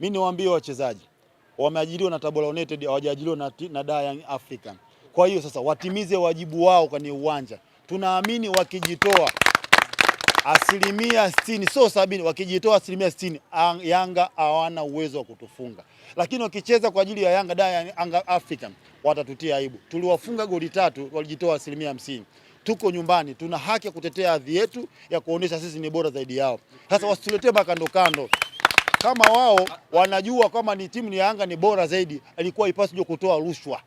Mimi niwaambie wachezaji wameajiriwa na Tabora United, hawajaajiriwa na, na Young African. Kwa hiyo sasa watimize wajibu wao kwenye uwanja. Tunaamini wakijitoa asilimia sitini, sio sabini, wakijitoa asilimia sitini, Yanga hawana uwezo wa kutufunga, lakini wakicheza kwa ajili ya Yanga da African watatutia aibu. Tuliwafunga goli tatu, walijitoa asilimia hamsini. Tuko nyumbani, tuna haki ya kutetea hadhi yetu ya kuonyesha sisi ni bora zaidi yao. Sasa wasituletee makando kando kama wao wanajua kama ni timu ni Yanga ni bora zaidi, alikuwa jo kutoa rushwa.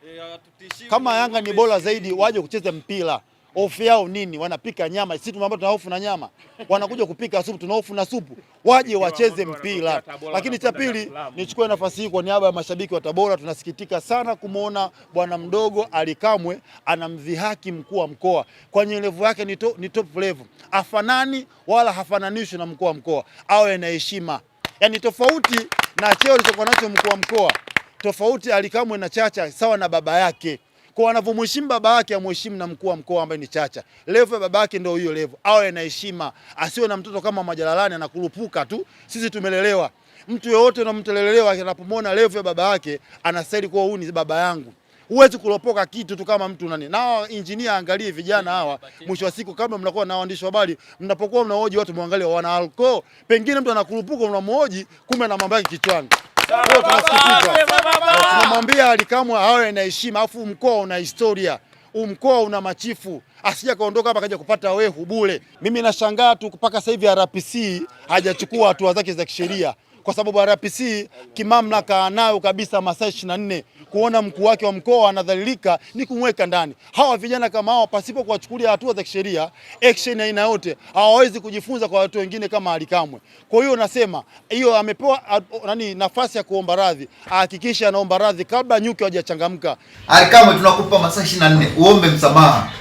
Kama Yanga ni bora zaidi, waje kucheza mpira. Hofu yao nini? Wanapika nyama, sisi tumeambia tuna hofu na nyama, wanakuja kupika supu, tuna hofu na supu, waje wacheze mpira. Lakini cha pili, nichukue nafasi hii kwa niaba ya mashabiki wa Tabora, tunasikitika sana kumwona bwana mdogo Alikamwe anamdhihaki mkuu wa mkoa kwenye levu yake, ni top level, afanani wala hafananishwi na mkuu wa mkoa, awe na heshima yani tofauti na cheo alichokuwa nacho mkuu wa mkoa, tofauti Alikamwe na Chacha sawa na baba yake. Kwa wanavyomheshimu baba yake amheshimu na mkuu wa mkoa ambaye ni Chacha. Levo ya baba yake ndio hiyo levo. Awe na heshima, asiwe na mtoto kama majalalani anakurupuka tu. Sisi tumelelewa. Mtu yeyote unamtelelewa anapomwona levo ya baba yake anastahili kuwa huyu ni baba yangu huwezi kulopoka kitu tu kama mtu nani. Nao injinia, angalie vijana hawa, mwisho wa siku, kama mnakuwa na waandishi wa habari, mnapokuwa mnaoji watu muangalie wana alko. pengine mtu anakurupuka, unamhoji kumbe na mambo yake kichwani. Tunamwambia Alikamwe awe na heshima, afu mkoa una historia umkoa una machifu asija kaondoka hapa kaja kupata wehu bure. Mimi nashangaa tu mpaka sasa hivi RPC hajachukua hatua zake za kisheria kwa sababu RPC kimamlaka anayo kabisa masaa 24 na Kuona mkuu wake wa mkoa anadhalilika ni kumweka ndani. Hawa vijana kama hawa, pasipo kuwachukulia hatua za kisheria, action aina yote, hawawezi kujifunza kwa watu wengine kama Alikamwe. Kwa hiyo nasema hiyo amepewa nani nafasi ya kuomba radhi, ahakikishe anaomba radhi kabla nyuki hawajachangamka. Alikamwe, tunakupa masaa 24 uombe msamaha.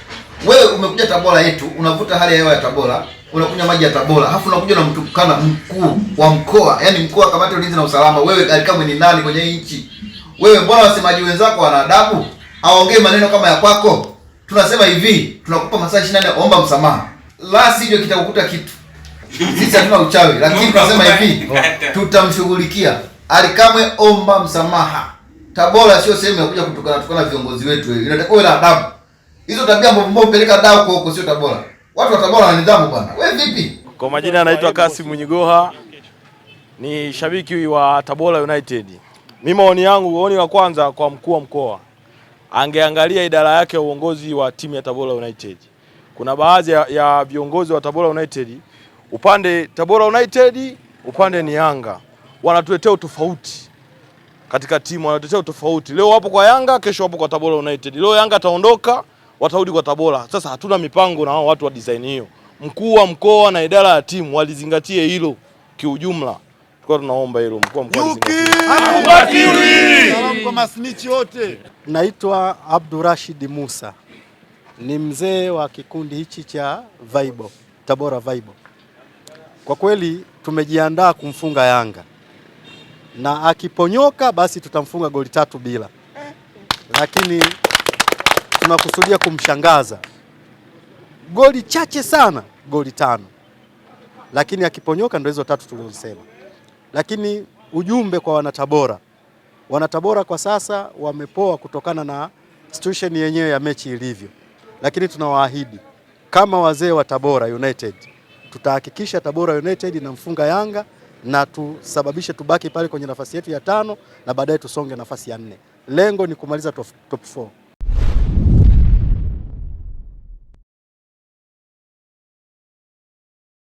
Wewe umekuja Tabora yetu, unavuta hali ya hewa ya Tabora, unakunywa maji ya Tabora, halafu unakuja na unamtukana mkuu wa mkoa, yaani mkuu wa kamati ulinzi na usalama. Wewe kama ni nani kwenye nchi? Wewe mbona wasemaji wenzako wana adabu? aongee maneno kama ya kwako. Tunasema hivi, tunakupa masaa 24 omba msamaha. La sivyo kitakukuta kitu. Sisi hatuna uchawi, lakini tunasema hivi, tutamshughulikia. Alikamwe omba msamaha. Tabora sio sehemu ya kuja kutukana tukana viongozi wetu. Inatakiwa ila adabu. Hizo tabia ambazo mbona dawa dau kwa huko sio Tabora. Watu wa Tabora wana nidhamu bwana. Wewe vipi? Kwa majina anaitwa Kasim Nyigoha. Ni shabiki wa Tabora United. Mimi maoni yangu, maoni ya kwanza kwa mkuu wa mkoa. Angeangalia idara yake ya uongozi wa timu ya Tabora United. Kuna baadhi ya viongozi wa Tabora United, upande Tabora United, upande ni Yanga. Wanatuletea utofauti katika timu, wanatuletea utofauti. Leo wapo kwa Yanga, kesho wapo kwa Tabora United. Leo Yanga ataondoka watarudi kwa Tabora. Sasa hatuna mipango na hao watu wa design hiyo. Mkuu wa mkoa na idara ya timu walizingatie hilo kiujumla. Tulikuwa tunaomba hilo mkuu wa mkoa azingatie. Kwa masnichi wote. Naitwa Abdurashid Musa, ni mzee wa kikundi hichi cha Vaibo, Tabora Vaibo. Kwa kweli tumejiandaa kumfunga Yanga na akiponyoka basi tutamfunga goli tatu bila, lakini tunakusudia kumshangaza. Goli chache sana, goli tano, lakini akiponyoka ndio hizo tatu tulizosema. Lakini ujumbe kwa wanatabora, wanatabora kwa sasa wamepoa kutokana na situation yenyewe ya mechi ilivyo, lakini tunawaahidi kama wazee wa Tabora United tutahakikisha Tabora United inamfunga Yanga na tusababishe tubaki pale kwenye nafasi yetu ya tano na baadaye tusonge nafasi ya nne. Lengo ni kumaliza top 4.